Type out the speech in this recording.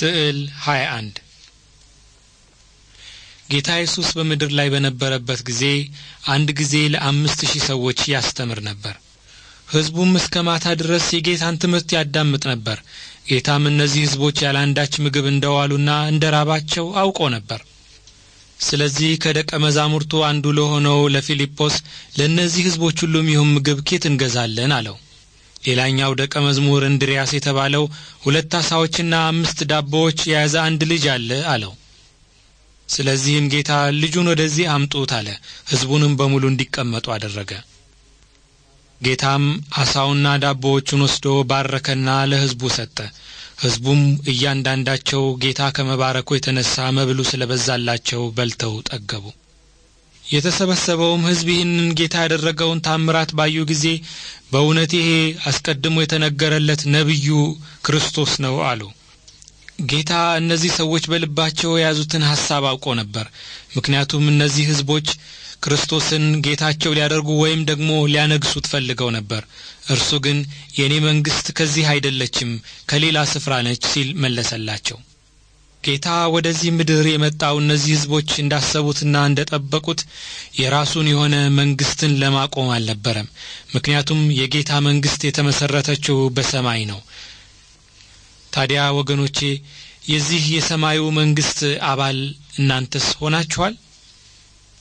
ስዕል 21 ጌታ ኢየሱስ በምድር ላይ በነበረበት ጊዜ አንድ ጊዜ ለአምስት ሺህ ሰዎች ያስተምር ነበር። ሕዝቡም እስከ ማታ ድረስ የጌታን ትምህርት ያዳምጥ ነበር። ጌታም እነዚህ ሕዝቦች ያለ አንዳች ምግብ እንደዋሉና እንደ ራባቸው አውቆ ነበር። ስለዚህ ከደቀ መዛሙርቱ አንዱ ለሆነው ለፊልጶስ ለእነዚህ ሕዝቦች ሁሉ የሚሆን ምግብ ኬት እንገዛለን? አለው። ሌላኛው ደቀ መዝሙር እንድሪያስ የተባለው ሁለት አሳዎችና አምስት ዳቦዎች የያዘ አንድ ልጅ አለ አለው። ስለዚህም ጌታ ልጁን ወደዚህ አምጡት አለ። ሕዝቡንም በሙሉ እንዲቀመጡ አደረገ። ጌታም አሳውና ዳቦዎቹን ወስዶ ባረከና ለሕዝቡ ሰጠ። ሕዝቡም እያንዳንዳቸው ጌታ ከመባረኩ የተነሳ መብሉ ስለ በዛላቸው በልተው ጠገቡ። የተሰበሰበውም ሕዝብ ይህንን ጌታ ያደረገውን ታምራት ባዩ ጊዜ በእውነት ይሄ አስቀድሞ የተነገረለት ነቢዩ ክርስቶስ ነው አሉ። ጌታ እነዚህ ሰዎች በልባቸው የያዙትን ሐሳብ አውቆ ነበር። ምክንያቱም እነዚህ ሕዝቦች ክርስቶስን ጌታቸው ሊያደርጉ ወይም ደግሞ ሊያነግሱት ፈልገው ነበር። እርሱ ግን የእኔ መንግሥት ከዚህ አይደለችም፣ ከሌላ ስፍራ ነች ሲል መለሰላቸው። ጌታ ወደዚህ ምድር የመጣው እነዚህ ሕዝቦች እንዳሰቡትና እንደጠበቁት የራሱን የሆነ መንግስትን ለማቆም አልነበረም። ምክንያቱም የጌታ መንግስት የተመሰረተችው በሰማይ ነው። ታዲያ ወገኖቼ የዚህ የሰማዩ መንግስት አባል እናንተስ ሆናችኋል?